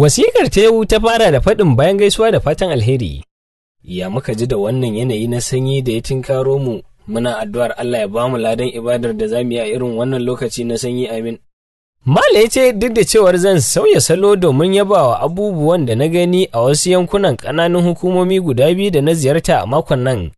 Wasikar Tewu ta fara da faɗin bayan gaisuwa da fatan alheri. Ya muka ji da wannan yanayi na sanyi da ya tinkaro mu, muna addu'ar Allah ya ba mu ladan ibadar da za mu yi a irin wannan lokaci na sanyi amin. Mala ya ce duk da cewar zan sauya salo domin yabawa abubuwan da na gani a wasu yankunan ƙananan hukumomi guda biyu da na ziyarta a makon nan.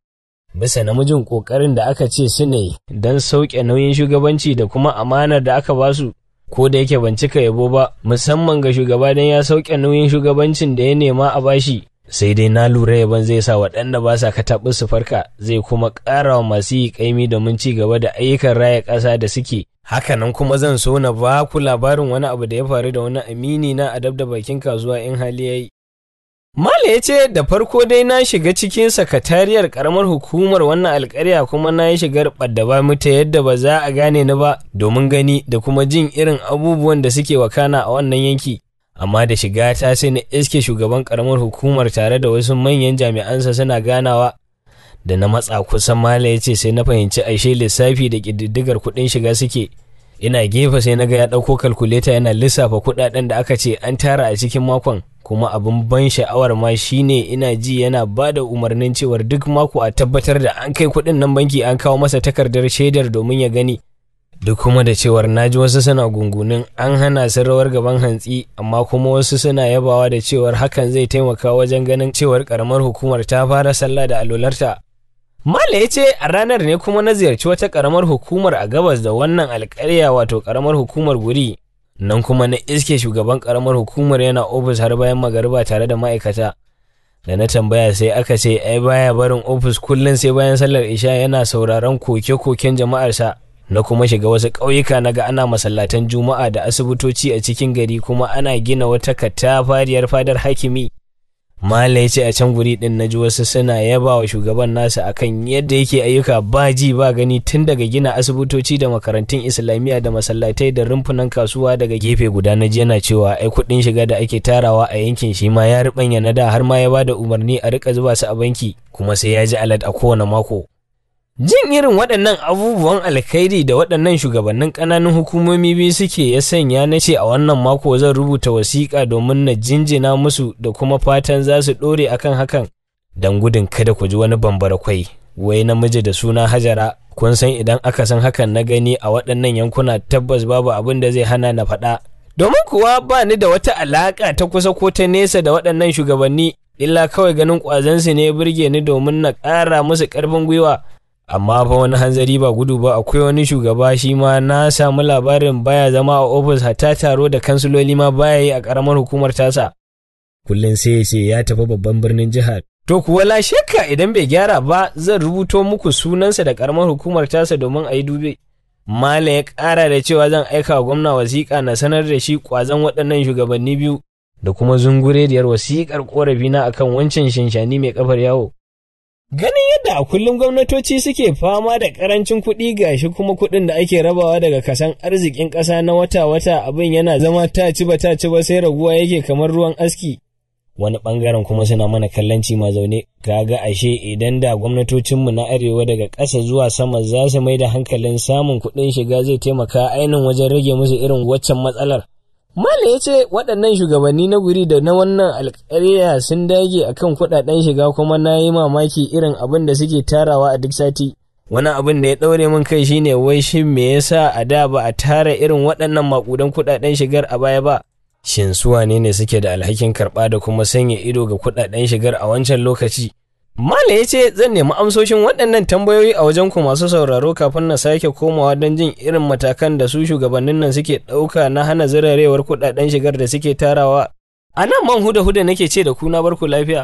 Bisa namijin ƙoƙarin da aka ce su ne don sauƙe nauyin shugabanci da kuma amanar da aka basu. ko da yake ban cika yabo ba musamman ga shugaba don ya sauke nauyin shugabancin da ya nema a bashi sai dai na lura yaban zai sa waɗanda ba sa kataɓi su farka zai kuma ƙara wa masu yi ƙaimi domin ci gaba da ayyukan raya ƙasa da suke hakanan kuma zan so na ba ku labarin wani abu da ya faru da wani amini na adab da bakin kasuwa in hali ya yi Mala ya ce da farko dai na shiga cikin sakatariyar karamar hukumar wannan alkarya kuma na yi shigar ɓaddaba mita yadda ba za a gane ni ba domin gani da kuma jin irin abubuwan da suke wakana a wannan yanki. Amma da shiga ta sai na iske shugaban karamar hukumar tare da wasu manyan jami'ansa suna ganawa. Da na matsa kusan Mala ya ce sai na fahimci aishe lissafi da ƙididdigar kuɗin shiga suke. Ina gefe sai na ga ya ɗauko kalkuleta yana lissafa kuɗaɗen da aka ce an tara a cikin makon. kuma abin ban sha'awar ma shine ina ji yana ba da umarnin cewar duk mako a tabbatar da an kai kudin nan banki an kawo masa takardar shaidar domin ya gani duk kuma da cewar na ji wasu suna gungunin an hana su rawar gaban hantsi amma kuma wasu suna yabawa da cewar hakan zai taimaka wajen ganin cewar karamar hukumar ta fara sallah da alolarta Mala ya ce a ranar ne kuma na ziyarci wata karamar hukumar a gabas da wannan alkarya wato karamar hukumar guri nan kuma na iske shugaban karamar hukumar yana ofis har bayan magariba tare da ma'aikata da na tambaya sai aka ce ai baya barin ofis kullum sai bayan sallar isha yana sauraron koke-koken jama'arsa na kuma shiga wasu ƙauyuka na ga ana masallatan juma'a da asibitoci a cikin gari kuma ana gina wata katafariyar fadar hakimi malla ya ce a can guri din na ji wasu suna yaba wa shugaban nasa akan yadda yake ayyuka ba ji ba gani tun daga gina asibitoci da makarantun islamiyya da masallatai da rumfunan kasuwa daga gefe guda na yana cewa ai kuɗin shiga da ake tarawa a yankin shi ma ya riɓanya na da har ma ya bada umarni a rika zuba su a banki kuma sai ya ji alad a kowane mako Jin irin waɗannan abubuwan alkhairi da waɗannan shugabannin ƙananan hukumomi biyu suke ya sanya na ce a wannan mako zan rubuta wasiƙa domin na jinjina musu da kuma fatan za su ɗore akan hakan don gudun kada ku ji wani bambara kwai wai namiji da suna hajara kun san idan aka san hakan na gani a waɗannan yankuna tabbas babu abin da zai hana na faɗa domin kuwa ba ni da wata alaƙa ta kusa ko ta nesa da waɗannan shugabanni illa kawai ganin ƙwazansu ne burge ni domin na ƙara musu ƙarfin gwiwa amma fa wani hanzari ba gudu ba akwai wani shugaba shi ma na samu labarin baya zama a ofis hatta taro da kansuloli ma baya yi a karamar hukumar tasa kullum sai ya ce ya tafi babban birnin jihar to kuwa la shakka idan bai gyara ba zan rubuto muku sunansa da karamar hukumar tasa domin a yi dube mala ya kara da cewa zan aika wa gwamna wasiƙa na sanar da shi kwazon waɗannan shugabanni biyu da kuma zungurediyar wasiƙar ƙorafina akan wancan shanshani mai ƙafar yawo Ganin yadda a kullum gwamnatoci suke fama da karancin kuɗi gashi kuma kuɗin da ake rabawa daga kasan arzikin ƙasa na wata-wata abin yana zama ta ci ba ta ci ba sai raguwa yake kamar ruwan aski. Wani ɓangaren kuma suna mana kallanci ma zaune, kaga ashe idan da gwamnatocinmu na arewa daga ƙasa zuwa sama za su mai da hankalin samun kuɗin shiga zai taimaka ainihin wajen rage musu irin waccan matsalar. malam ya ce waɗannan shugabanni na guri da na wannan alƙarya sun dage a kan kuɗaɗen shiga kuma na yi mamaki irin abin da suke tarawa a duk sati. Wani abin da ya ɗaure min kai shine wai shi me yasa a da ba a tara irin waɗannan maƙudan kuɗaɗen shigar a baya ba? Shin su wane ne suke da alhakin karɓa da kuma sanya ido ga kuɗaɗen shigar a wancan lokaci? Malam ya ce zan nemi amsoshin waɗannan tambayoyi a wajen ku masu sauraro kafin na sake komawa don jin irin matakan da su shugabannin nan suke ɗauka na hana zirarewar kuɗaɗen shigar da suke tarawa. A nan man huda huda nake ce da ku na barku lafiya.